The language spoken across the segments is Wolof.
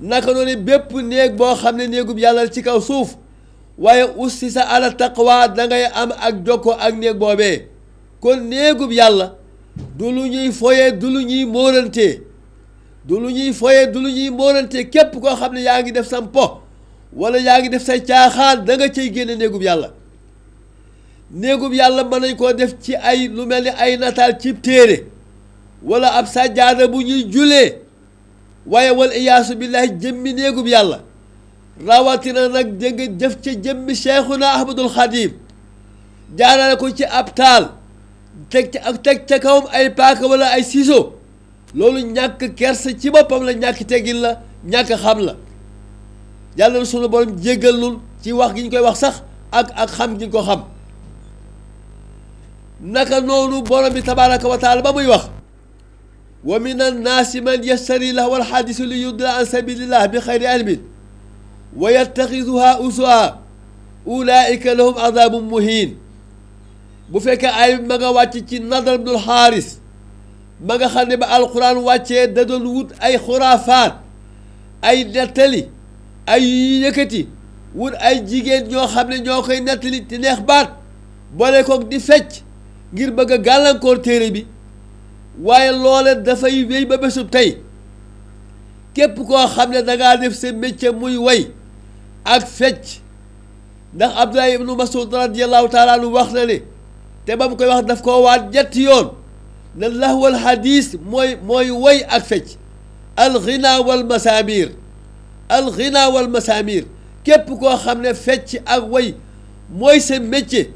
naka noonu bépp néeg boo xam ne néegub yàlla ci kaw suuf waaye ci sa ala taqwa da ngay am ak jokko ak néeg boobee kon néegub yàlla du lu ñuy foye du lu ñuy móorante du lu ñuy képp koo xam ne yaa ngi def sam po wala yaa ngi def sa caaxaan danga nga génn génne néegub yàlla néegub yàlla mën nañ koo def ci ay lu mel ni ay nataal cib téere wala ab sàjjaada bu ñuy julee waaye wal iyaasu billaahi jëmmi néegub yàlla rawatina nag jënga jëf ca jëmmi cheikhuna ahmadul xadim jaarale ko ci ab taal teg ca teg ca kawam ay paaka wala ay siiso loolu ñàkk kersa ci boppam la ñàkk teggin la ñàkk xam la yàlla na sunu borom jéggal ci wax gi ñu koy wax sax ak ak xam gi ñu ko xam naka noonu borom bi tabaraka wa taala ba muy wax wa min annaasi man yashtari lahwa alxadiisi li yudilla an sabilillah bi xayri ilmin wa yattaxiduha usua ulaika lahum adabun muhin bu fekkee ay ma nga wàcc ci nadar ibnul xaaris ma nga xam ne ba alquran wàccee da doon wut ay xuraafaat ay nettali ay yëkkati wut ay jigéen ñoo xam ne ñoo koy nettali te neex baat boole koog di fecc ngir bëgg a gàllankoor téere bi waaye loole dafay wéy ba bésub tey képp koo xam ne dangaa def sa mecce muy way ak fecc ndax Abdoulaye ibnu Mas'ud radiallahu taala wax na ne te ba mu koy wax daf koo waat ñetti yoon ne lahwal hadis mooy mooy way ak fecc alxina wal masamir alxina wal masamir képp koo xam ne fecc ak way mooy sa métier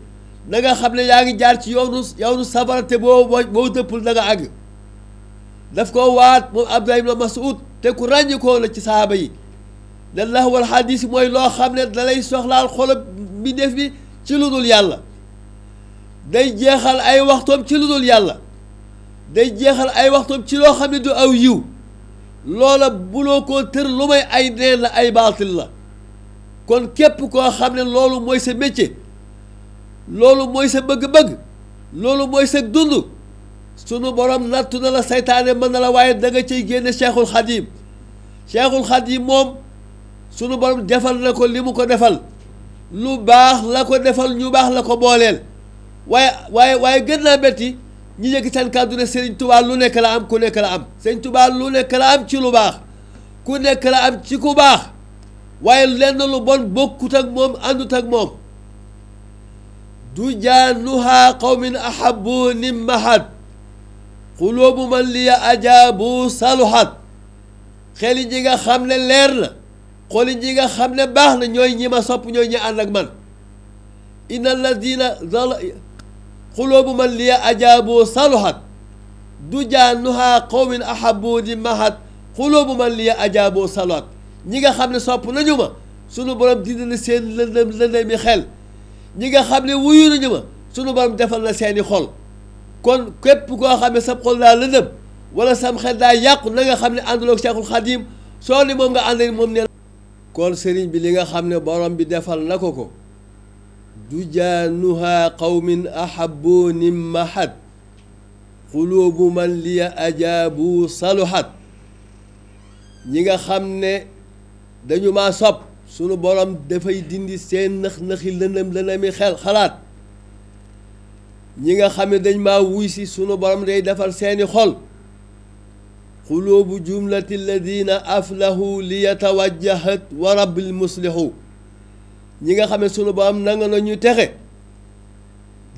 na nga xam ne yaa ngi jaar ci yoonu yoonu safara te boo boo dëppul na nga àgg daf koo waat moom Abdullah ibn Mas'ud te ku ràññikoo la ci saaba yi ne lahwal xadiis mooy loo xam ne da lay soxlaal xolab bi def bi ci lu dul yàlla day jeexal ay waxtoom ci day jeexal ay waxtoom ci loo xam ne du aw yiw loola buloo ko tër lu may ay neen ay baatil la kon képp koo xam ne loolu mooy sa métier loolu mooy sa bëgg-bëgg loolu mooy sa dund sunu borom nattu na la seytaane mën na la waaye da nga ciy génne cheikhul xadim cheikhul xadim moom sunu borom defal na ko li mu ko defal lu baax la ko defal ñu baax la ko booleel waaye waaye waaye gën naa métti ñi yëg seen kàddu ne Serigne Touba lu nekk la am ku nekk la am Serigne Touba lu nekk la am ci lu baax ku nekk la am ci ku baax waaye lenn lu bon bokkut ak moom àndut ak moom. دجانها قوم أحبوا نمحت قلوب من لي أجابوا صلحت xel yi ñi nga xam ne leer na xool yi nga xam ne baax na ñooy ñi ma sopp ñooy ñi ànd ak man inna alladina diina xuloobu man liya ajaaboo du jaanuhaa qawmin ahabu di mahat xuloobu man liya ajaaboo saluhat ñi nga xam ne sopp nañu ma sunu borom dindi na seen lëndëm lëndëm xel ñi nga xam ne wuyu nañu ma sunu borom defal na seeni xol kon képp koo xam ne sam xol daa lëndëm wala sam xel daa yàqu na nga xam ne ànduloo ak Cheikhul soo ni nga ànd moom ne kon sëriñ bi li nga xam ne borom bi defal na ko ko dujaanuha qawmin ahabu nim mahat xuluubu man liya ajaabu saluhat ñi nga xam ne dañu maa sopp sunu borom dafay dindi seen nëx-nëxi lëndëm lëndëmi xel xalaat ñi nga xam ne dañ ma wuy si sunu borom day defar seeni xol xuluubu jumlati alladina aflahu li yatawajjahat wa rabbil muslihu ñi nga xam ne sunu borom nanga na ñu texe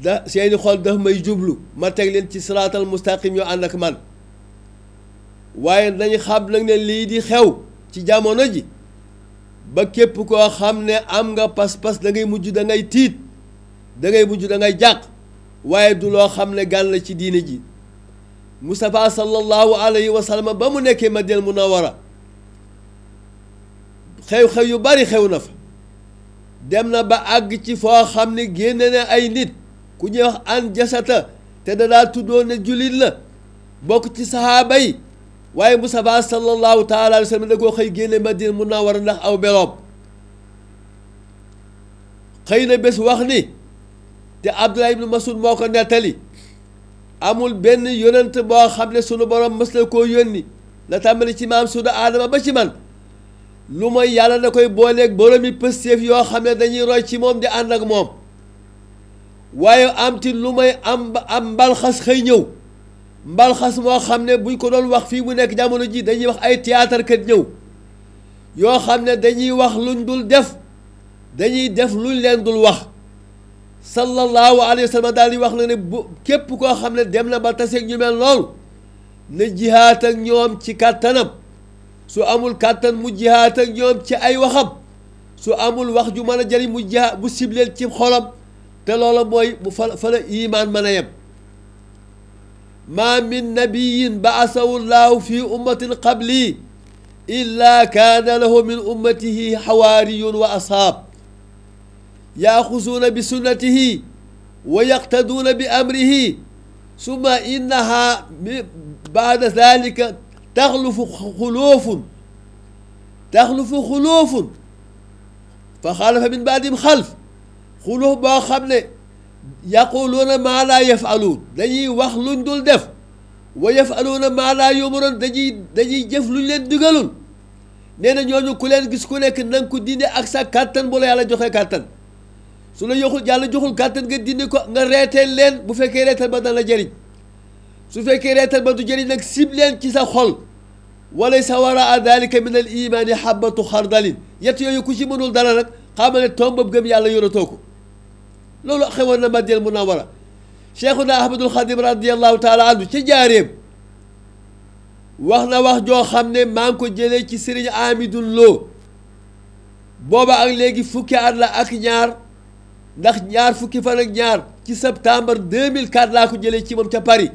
da seeni xol daf may jublu ma teg leen ci siraatal mustaqim yoo ànd ak man waaye dañu xam nag ne lii di xew ci jamono ji ba képp koo xam ne am nga pas-pas da ngay mujj dangay ngay tiit da ngay mujj dangay ngay jàq waaye du loo xam ne gan la ci diine ji Moustapha sallallahu alayhi wa ba mu nekkee Madina Munawara xew-xew yu bari xew na fa dem na ba àgg ci foo xam ne génn na ay nit ku ñuy wax an jasata te da daa tuddoon ne jullit la bokk ci saxaaba yi waaye Mustafa sallallahu taala alayhi wa sallam da koo xëy génne war a ndax aw beroom xëy na bés wax ni te Abdullah ibn Mas'ud moo ko nettali amul benn yonent boo xam ne sunu borom mës na koo yónni la tàmbali ci maam sunu aadama ba ci man lu mooy yàlla da koy booleeg boromi pësteef yoo xam ne dañuy roy ci moom di ànd ak moom waaye am ti lu may am am mbalxas xëy ñëw mbalxas moo xam ne buñ ko doon wax fii mu nekk jamono ji dañuy wax ay théâtre kat ñëw yoo xam ne dañuy wax luñ dul def dañuy def luñ leen dul wax sallallahu alayhi wa sallam daal di wax na ne bu képp koo xam ne dem na ba taseeg ñu mel lool na jihaat ak ñoom ci kàttanam su amul kàttan mu jihaat ak ñoom ci ay waxam su amul wax ju mën a jëriñ mu jihaat bu sibleel ci xolam te loola mooy mu fa fa la imaan mën a yem ma min nabiyin ba'asahu llahu fi ummatin qabli illa kaana lahu min ummatihi xawaariyun wa ashaab yaaxuzuuna bi sunnatihi wa yaqtaduuna bi amrihi summa innaha baada dalika taxlufu xuluufun taxlufu xuluufun fa xalafa min baadihim xalf xuluuf boo xam ne yaquluuna maa laa yafaluun dañuy wax lu luñ dul def wa yafaluuna maa laa yumaroon dañuy dañuy jëf luñ leen digalul nee na ñooñu ku leen gis ku nekk na nga ko dindi ak sa kàttan bu la yàlla joxee kàttan su la yoxul yàlla joxul kàttan nga dindi ko nga reeteel leen bu fekkee reeteel ba dana la su fekkee reeteel ba du jëriñ nag sib leen ci sa xol walaysa waraa dalika min al imaani habatu xardalin yett yooyu ku ci mënul dara nag xamal ne tombab gëm yàlla yoratoo ko loolu xewoon na ma Madina Munawara Cheikhuna Ahmadul Xadim radiallahu taala anhu ci jaareem wax na wax joo xam ne maa ngi ko jële ci Serigne Amidou Lo booba ak léegi fukki at la ak ñaar ndax ñaar fukki fan ak ñaar ci septembre 2004 laa ko jëlee ci moom ca Paris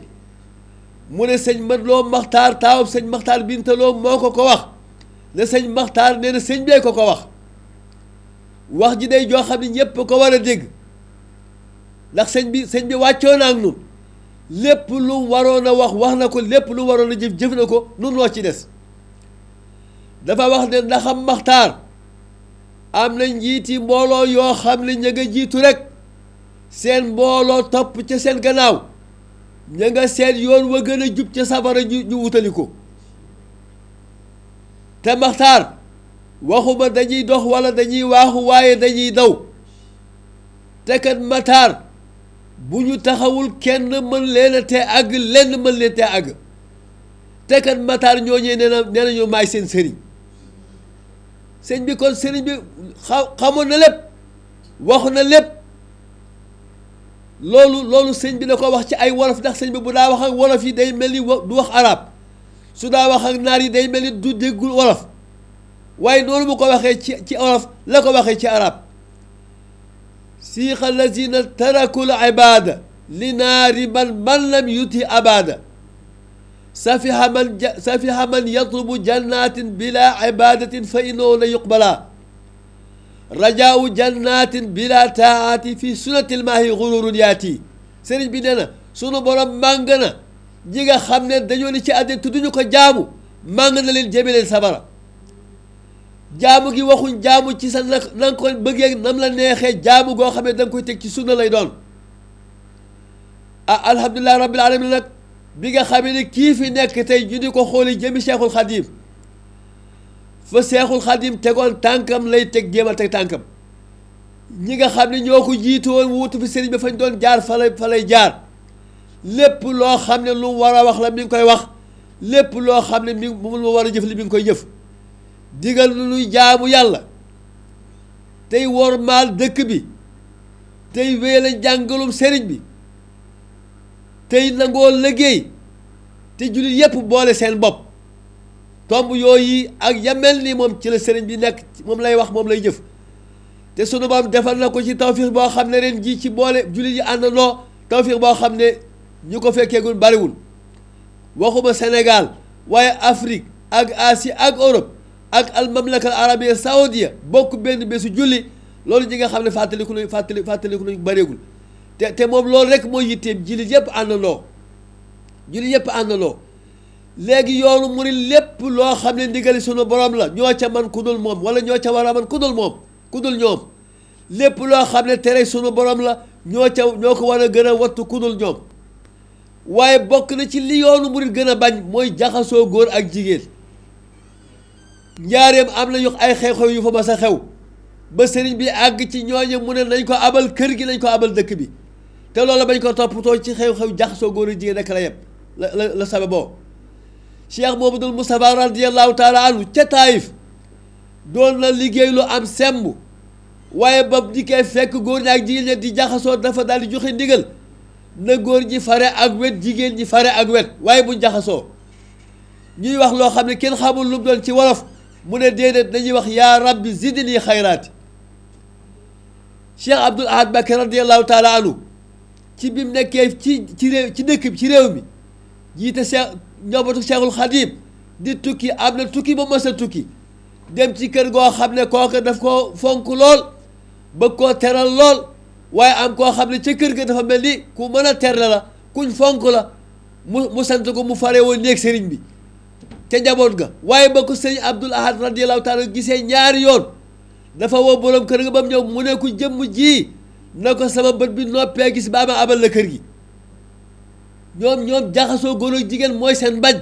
mu ne sëñ Mat Lo Maxtaar taawam sëñ Maxtaar Bintaloo moo ko ko wax ne sëñ Maxtaar nee na sëñ bee ko ko wax wax ji day joo xam ne ñépp ko war a dégg ndax sëñ bi sëñ bi wàccoo na ak nun lépp lu waroon a wax wax na ko lépp lu waroon a jëf jëf na ko nun noo ci des dafa wax ne ndaxam maxtaar am na njiiti mbooloo yoo xam ne ña nga jiitu rek seen mbooloo topp ca seen gannaaw ña nga seen yoon wa gën a jub ca sabara ñu wutali ko te maxtaar waxuma dañuy dox wala dañuy waaxu waaye dañuy daw te kat mataar bu ñu taxawul kenn mën leen a tee àgg lenn mën leen tee àgg te kat mataar ñooñee nee na nee na ñoo maay seen sëriñ sëñ bi kon sëriñ bi xaw xamoon na lépp wax na lépp loolu loolu sëñ bi na ko wax ci ay wolof ndax sëñ bi bu daa wax ak wolof yi day mel ni du wax arab su daa wax ak naar yi day mel ni du déggul wolof waaye noonu mu ko waxee ci ci wolof la ko waxee ci arab siixa allazina tarakul ibaada li naari man man lam yuti abaada safiha man safiha man yatlubu jannatin bila ibadatin fa innahu la yuqbala rajaau jannatin bila taati fi sunnatil maahi gururun yaati sëriñ bi nee na sunu borom màng na ñi nga xam ne dañoo ne ci àddina tudduñu ko jaamu màng na leen jëme leen sabara jaamu gi waxuñ jaamu ci sa na nga ko bëggee nam la neexee jaamu goo xam ne da koy teg ci sunna lay doon a ah alhamdulilah rabbil alamin nag bi nga xam ne kii fi nekk tey ñu di ko xooli jëmmi Cheikhul Khadim fa Cheikhul Khadim tegoon tànkam lay teg jéem a teg tànkam ñi nga xam ne ñoo ko jiitu woon wutu fi sëriñ bi fañ doon jaar fa lay fa lay jaar lépp loo xam ne lu war a wax la mi ngi koy wax lépp loo xam ne mi mu war a jëf li mi ngi koy jëf. digal nu nuy jaamu yàlla tey wormaal dëkk bi tey wéyale jàngalum sëriñ bi tey nangoo liggéey te jullit yépp boole seen bopp tomb yooyu ak yamel ni moom ci la sëriñ bi nekk moom lay wax moom lay jëf te sunu boom defal na ko ci tawfiix boo xam ne ren jii ci boole jullit yi àndandoo tawfiix boo xam ne ñu ko fekkeegul bariwul waxuma Sénégal waaye Afrique ak Asie ak Europe ak al mamlaka al arabia saoudia bokk benn bésu julli loolu ñi nga xam ne fàttaliku nañ fàttali fàttaliku nañ bareegul te te moom loolu rek mooy yitteem jullit yëpp àndandoo jullit yëpp àndandoo léegi yoonu murid lépp loo xam ne ndigali sunu borom la ñoo ca man ku dul moom wala ñoo ca war a man ku dul moom ku dul ñoom lépp loo xam ne tere sunu boroom la ñoo ca ñoo ko war a gën a wattu ku dul ñoom waaye bokk na ci li yoonu murid gën a bañ mooy jaxasoo góor ak jigéen njaareem am na ñu ay xew-xew yu fa mas a xew ba sëriñ bi àgg ci ñooñu mu ne nañ ko abal kër gi nañ ko abal dëkk bi te loolu bañ ko toppatoo ci xew-xew jaxasoo góor a jigéen la yem la la la Cheikh Mouhamadoul Moustapha radiyallahu taala anhu ca doon na liggéey am semb waaye ba dikkee fekk góor ñi ak di jaxasoo dafa daal di joxe ndigal na góor ji fare ak wet jigéen ñi fare ak wet waaye buñ jaxasoo ñuy wax loo xam ne kenn xamul lu doon ci wolof mu ne déedéet dañuy wax yaa rabbi zidni xayraati Cheikh Abdoul Ahad Mbacké radiallahu taala ci bi mu nekkee ci ci ci dëkk bi ci réew mi jiite Cheikh njabootu Cheikhul Khadim di tukki am na tukki ba mën a tukki dem ci kër goo xam ne kooka daf koo fonk lool bëgg koo teral lool waaye am koo xam ne ca kër gi dafa mel ni ku mën a terle la kuñ fonk la mu mu sant ko mu faree woo néeg sëriñ bi ca njaboot ga waaye ba ko sëñ Abdul Ahad radiyallahu gisee ñaari yoon dafa woo borom kër ga ba mu ñëw mu ne ku jëmm ji na ko sama bët bi noppee gis ba ma abal la kër gi ñoom ñoom jaxasoo góor ak jigéen mooy seen bañ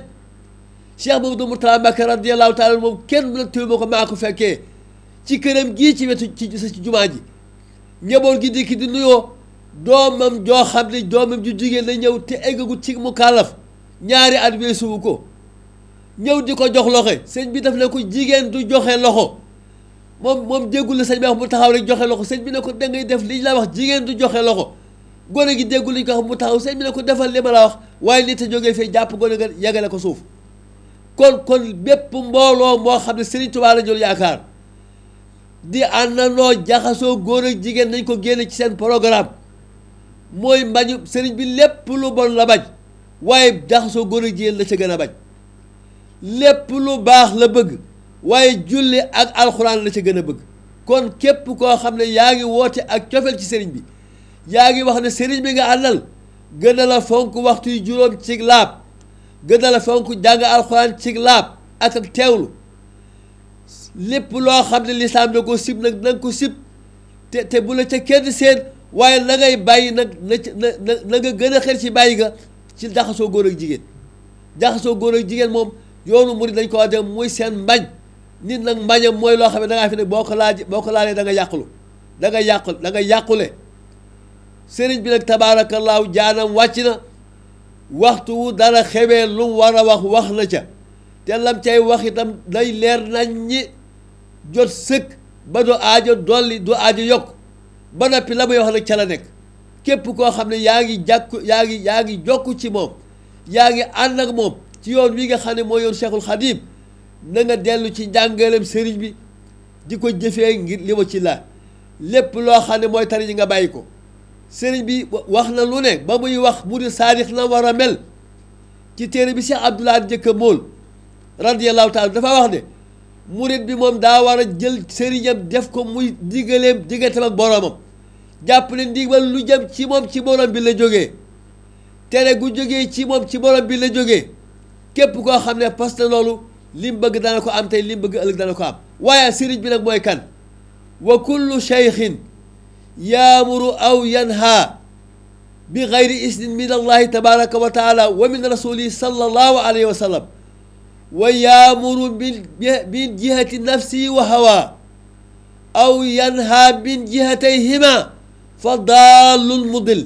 Cheikh Mamadou Mourtada Mbacké radiyallahu taala moom kenn mu ne tuuti ma ko maa ko fekkee ci këram gi ci wetu ci ci jumaa ji njaboot gi dikki di nuyoo doomam joo xam ne doomam ju jigéen la ñëw te eggagut ci mu kàllaf ñaari at weesuwu ko. ñëw di ko jox loxo sëñ bi daf ne ko jigéen du joxe loxo moom moom déggul la sëñ bi wax mu taxaw rek joxe loxo sëñ bi ne ko da def li la wax jigéen du joxe loxo gone gi déggul li ñu ko wax mu taxaw sëñ bi ne ko defal li ma la wax waaye nit a jógee fii jàpp gone nga yegale ko suuf kon kon bépp mbooloo moo xam ne Serigne Touba la jël yaakaar di àndandoo jaxasoo góor ak jigéen nañ ko génne ci seen programme mooy mbañu sëriñ bi lépp lu bon la bañ waaye jaxasoo góor ak la ca gën a bañ. lépp lu baax la bëgg waaye julli ak alxuraan la ca gën a bëgg kon képp koo xam ne yaa ngi woote ak cofeel ci sëriñ bi yaa ngi wax ne sëriñ bi nga àndal gën a la fonk waxtu yu juróom cig laab gën a la fonk jàng alxuraan cig laab ak ak teewlu lépp loo xam ne lislaam na ko sib nag na ko sib te te bu la ca kenn seen waaye na bàyyi nag na na na nga gën a xel ci bàyyi nga ci jaxasoo góor ak jigéen jaxasoo góor ak jigéen moom yoonu murid lañ ko adde muy seen mbañ nit nag mbañam mooy loo xam ne da ngaa fi ne boo ko laaj boo ko laa da nga yàqulu da nga yàqul da yàqule sëriñ bi nag tabaarakallaahu jaanam wàcc na waxtu wu dara xewee lu mu war a wax wax na ca te lam cay wax itam day leer nañ ñi jot sëkk ba du aajo dolli du aajo yokk ba noppi la muy wax nag ca la nekk képp koo xam ne yaa ngi jàkku yaa ngi yaa ngi jokku ci moom yaa ngi ànd ak moom ci yoon wi nga xam ne mooy yoon seexul Khadim na nga dellu ci jàngaleem sëriñ bi di ko jëfee ngir li ma ci laa lépp loo xam ne mooy tari nga bàyyi ko sëriñ bi wax na lu ne ba muy wax mu di saadix na war a mel ci téere bi Cheikh Abdoulaye njëkk a mool radiyallahu taala dafa wax ne murit bi moom daa war a jël sëriñam def ko muy digaleem digganteem ak boroomam jàpp ne ndigal lu jëm ci moom ci borom bi la jógee tere gu jógee ci moom ci borom bi la jógee képp koo xam ne parce que loolu li mu bëgg dana ko am tey li mu bëgg ëllëg dana ko am waaye sëriñ bi nag mooy kan wa kullu cheikhin yaamuru aw yanha bi gayri isnin min allahi tabaraka wa taala wa min rasulihi sallallahu alayhi wa sallam wa yaamuru min jihati nafsi wa hawa aw yanha min jihatayhima fa dallul mudil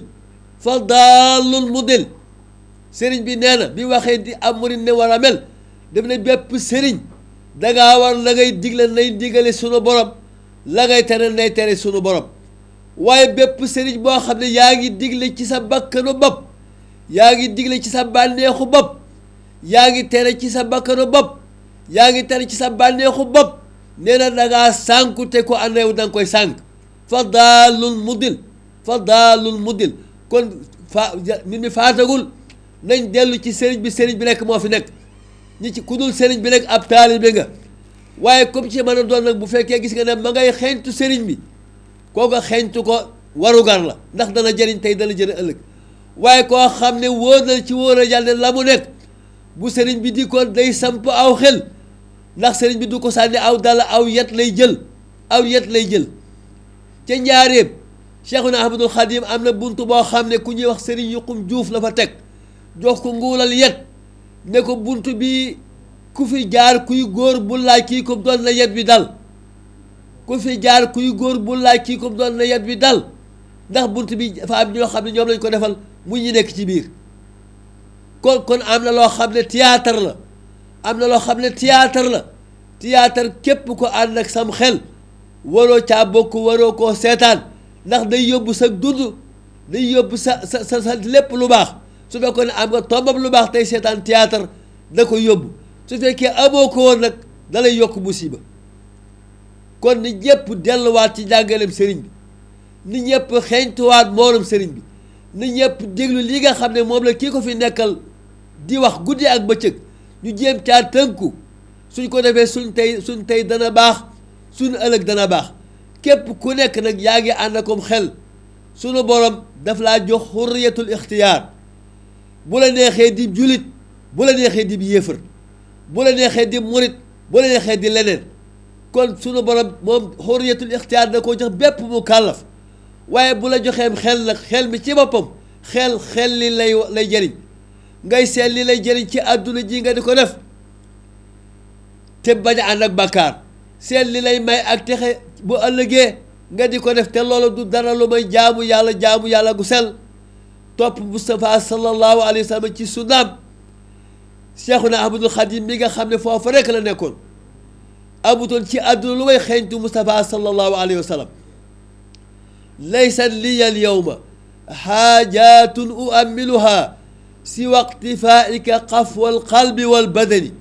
fa dallul mudil sëriñ bi nee na bi waxee di am murit ne war a mel def na bépp sëriñ dangaa war la digle nay digale sunu borom la ngay tere nay tere sunu borom waaye bépp sëriñ boo xam ne yaa ngi digle ci sa bakkanu bopp yaa ngi digle ci sa bànneexu bopp yaa ngi tere ci sa bakkanu bopp ngi tere ci sa bànneexu bopp nee na dangaa sànku te ko ànd danga koy sànk fa daalul mudil fa mudil kon fa nit mi faatagul nañ dellu ci sëriñ bi sëriñ bi nekk moo fi nekk ñi ci ku dul sëriñ bi nekk ab taalibe nga waaye comme ci mën a doon nag bu fekkee gis nga ne ma ngay xeeñtu sëriñ bi kooku xeeñtu ko warugar la ndax dana jëriñ tey dana jëriñ ëllëg waaye koo xam ne wóor na ci wóor a la mu nekk bu sëriñ bi di ko day samp aw xel ndax sëriñ bi du ko sànni aw dala aw yet lay jël aw yet lay jël ca njaareem Cheikhuna Ahmadul Xadim am na bunt boo xam ne ku ñuy wax sëriñ yuqum juuf la fa teg jox ko nguulal yet ne ko bunt bi ku fi jaar kuy góor bu laaj kii comme doon na yet bi dal ku fi jaar kuy góor bu laaj kii comme yet bi dal ndax bunt bi dafa am ñoo xam ne ñoom lañ ko defal mu ñu nekk ci biir kon kon am na loo xam ne théâtre la am na loo xam ne théâtre la théâtre képp ko ànd ak sam xel waroo caa bokk waroo koo seetaan ndax day yóbbu sa dund day yóbbu sa sa sa lépp lu baax su fekkoon ne am nga tombam lu baax tey seetaan théâtre da ko yóbbu su fekkee amoo ko nag da yokk musiba kon ni ñëpp delluwaat ci jàngaleem sëriñ bi ni ñëpp xeeñtuwaat morom sëriñ bi ni ñëpp déglu li nga xam ne moom la kii ko fi nekkal di wax guddi ak bëccëg ñu jéem caa tënku suñ ko defee suñ tey suñ tey dana baax suñ ëllëg dana baax képp ku nekk nag yaa ngi ànd akom xel sunu boroom daf laa jox xurriyatul ixtiyaar bu la neexee di julit bu la neexee di yéefar bu la neexee di murit bu la neexee di leneen kon sunu borom moom xorriyatul ixtiyaar na ko jox bépp mu kàllaf waaye bu la joxeem xel nag xel mi ci boppam xel xel li lay lay jariñ ngay seet li lay jariñ ci àdduna ji nga di ko def te bañ a ànd ak bàkkaar seet li lay may ak texe bu ëllëgee nga di ko def te loolu du dara lu may jaamu yàlla jaamu yàlla gu sel topp Moustapha sallallahu alayhi wa sallam ci sunnaam Cheikhuna Ahmadul Xadim mi nga xam ne foofu rek la nekkoon amutoon ci àdduna lu may xeeñtu Moustapha sallallahu alayhi wa sallam laysa liya al yawma xaajaatun uammiluha si waqtifaika qafwal qalbi wal badani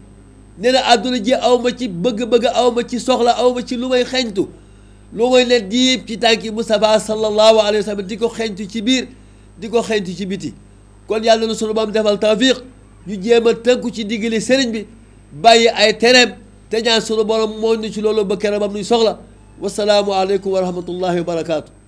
nee na àdduna ji aw ma ci bëgg-bëgg aw ma ci soxla aw ma ci lu may xeeñtu lu may ne diib ci tànki Moustapha sallallahu alayhi wa sallam di ko xeeñtu ci biir di ko xeeñtu ci biti kon yàlla na sunu boom defal tawfiq ñu jéem a tënku ci diggale sëriñ bi bàyyi ay tereem te ñaan sunu borom moo ñu ci loolu ba keroog bam nuy soxla wasalaamu aleykum wa rahmatullahi wa barakaatu.